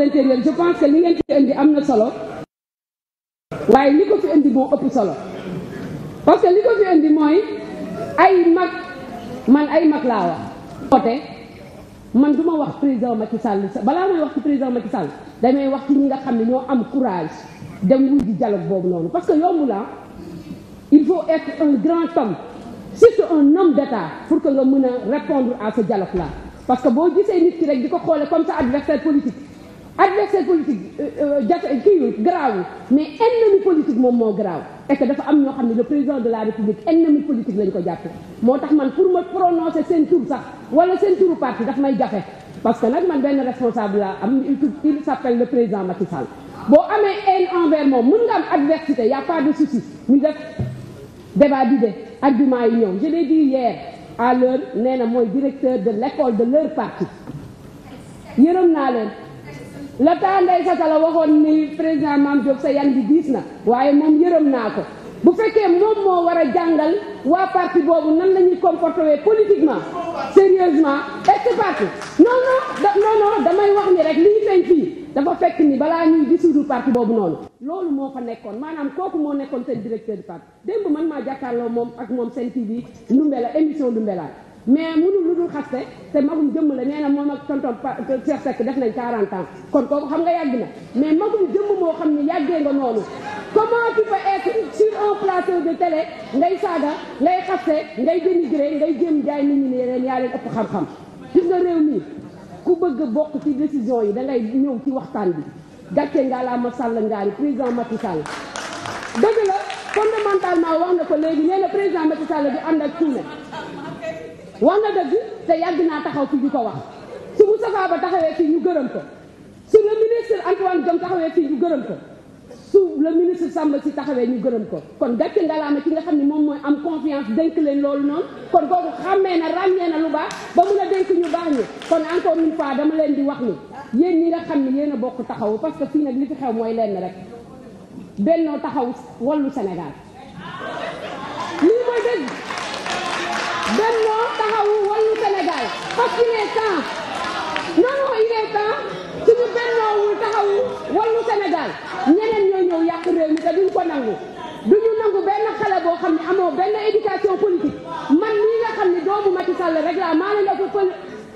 l'intérieur je pense que li ngeen ci indi am na solo waaye li ko fi indi moo ëpp solo parce que li ko fi indi mooy ay mag man ay mag laa wax côté man du ma wax président Macky Sall balaa may wax ci président Macky Sall damay wax ci ñi nga xam ne ñoo am courage dem wuy di dialogue boobu noonu parce que yomb la il faut être un grand homme surtout un homme d'État pour que nga mën a répondre à ce dialogue là parce que boo gisee nit ki rek di ko xoole comme ça adversaire politique adversaire politique euh, euh, jata kii garaawul mais ennemi politique moom moo garaaw e que dafa am ñoo xam ne le président de la république ennemi politique lañ ko jàppee moo tax man pour ma prononcer seen tur sax wala seen turu parti daf may jafe parce que nag man benn responsable laa am il s'appelle le président Macky Sall boo amee haine envers moom mën nga am adversité y a pas de souci ñu def débat d'idées argument yi ñëw je l'ai dit hier à nee na mooy directeur de l'école de leur parti yërëm naa leen la taa Ndeye Satala waxoon ni président Mame Diop sa yan bi diis na waaye moom yërëm naa ko bu fekkee moom moo war a jàngal waa parti boobu nan la ñuy comporter politiquement sérieusement est ce parti non non non non damay wax ni rek li lii feeñ fii dafa fekk ni balaa ñuy dissoudre parti boobu noonu loolu moo ko nekkoon maanaam kooku moo nekkoon seen directeur du parti démb man maa jàkkaarloo moom ak moom seen TV Ndoumbé la émission Ndoumbé la mais mënul lu dul xaste te magum jëmm la nee na moom ak tonton Cheikh Seck def nañ 40 ans kon kooku xam nga yàgg na mais magum jëmm moo xam ni yàggee nga noonu comment tu peux être si un plateau de télé ngay saaga ngay xaste ngay dénigré ngay jéem jaay nit ñi ne leen yaa leen ëpp xam-xam gis nga réew mi ku bëgg bokk ci décision yi da ngay ñëw ci waxtaan bi gàcce ngaa laa ma Sall ngaari président Macky Sall dëgg la fondamentalement wax nga ko léegi nee na président Macky Sall bi ànd ak suuna wax na dëgg te yàgg naa taxaw fi ñu ko wax su Moustapha Ba taxawee fii ñu gërëm ko su la ministre Antoine Diome taxawee fii ñu gërëm ko su le ministre Samba si taxawee ñu gërëm ko kon gàcce ngalaama ki nga xam ne moom mooy am confiance dénk leen loolu noonu kon kooku xàmmee na ràññee na lu baax ba mun a dénk ñu baax ñu kon encore fois dama leen di wax ni yéen ñi nga xam ne yéen bokk taxawu parce que fii nag li fi xew mooy lenn rek bennoo taxaw wallu Sénégal lii mooy parce qu'il est temps non non il est temps suñu bennoowul taxawu wallu Sénégal ñeneen ñooy ñëw réew mi te duñ ko nangu duñu nangu benn xale boo xam ne amoo benn éducation politique man mii nga xam ne doomu Macky Sall rek laa maa leen ëpp fël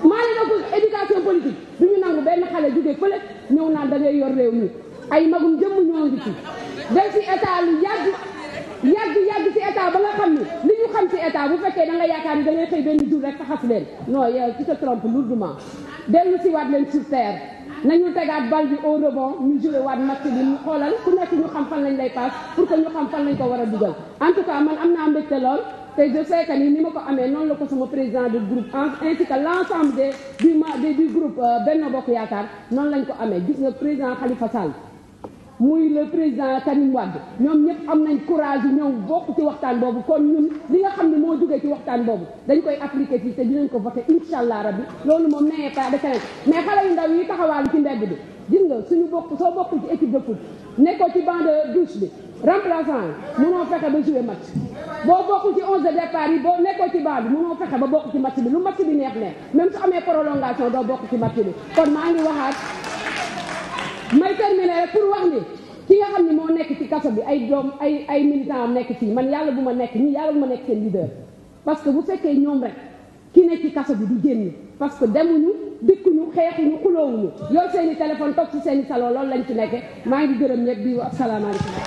maa leen ëpp éducation politique duñu nangu benn xale jóge fële ñëw naan da yor réew mi ay magum jëmm ñoo ngi ci def ci état yàgg yàgg yàgg ci état xam ne tam ci état bu fekkee da nga yaakaar ni da ngay xëy benn jour rek leen non yow ci sa trompe lourdement dellu si waat leen sur terre nañu tegaat bal bi au rebond ñu joué waat match bi ñu xoolal ku nekk ñu xam fan lañ lay paas pour que ñu xam fan lañ ko war a dugal en tout cas man am naa mbégte lool te je sais que ni ma ko amee noonu la ko suma président de groupe ainsi que l' ensemble des du groupe euh, Benno Bokk Yaakaar noonu lañ ko amee gis nga président Khalifa Sall muy le président Karim Wade ñoom ñëpp am nañ courage ñëw bokk ci waxtaan boobu kon ñun li nga xam ne moo jógee ci waxtaan boobu dañ koy appliquer fii te dinañ ko voter incha allah rabbi loolu moom nee pas de crainte mais xale yu ndaw yi taxawaalu ci mbedd bi gis nga suñu bokk soo bokkul ci équipe de foot nekkoo ci banc de touche bi remplaçant yi fexe ba jouer match boo bokkul ci onze de yi boo nekkoo ci banc bi mënoo fexe ba bokk ci match bi lu match bokk ci match bi kon maa may terminer rek pour wax ni ki nga xam ni moo nekk ci kaso bi ay doom ay ay militant am nekk fii man yàlla bu ma nekk ñii yàlla bu ma nekk seen leader parce que bu fekkee ñoom rek ki nekk ci kaso bi du génn parce que ñu demuñu dikkuñu xeexuñu xuloowuñu yor seen i téléphone toog ci seen i salon loolu lañ ci nekkee maa ngi gërëm ñëpp bi wa salaamaaleykum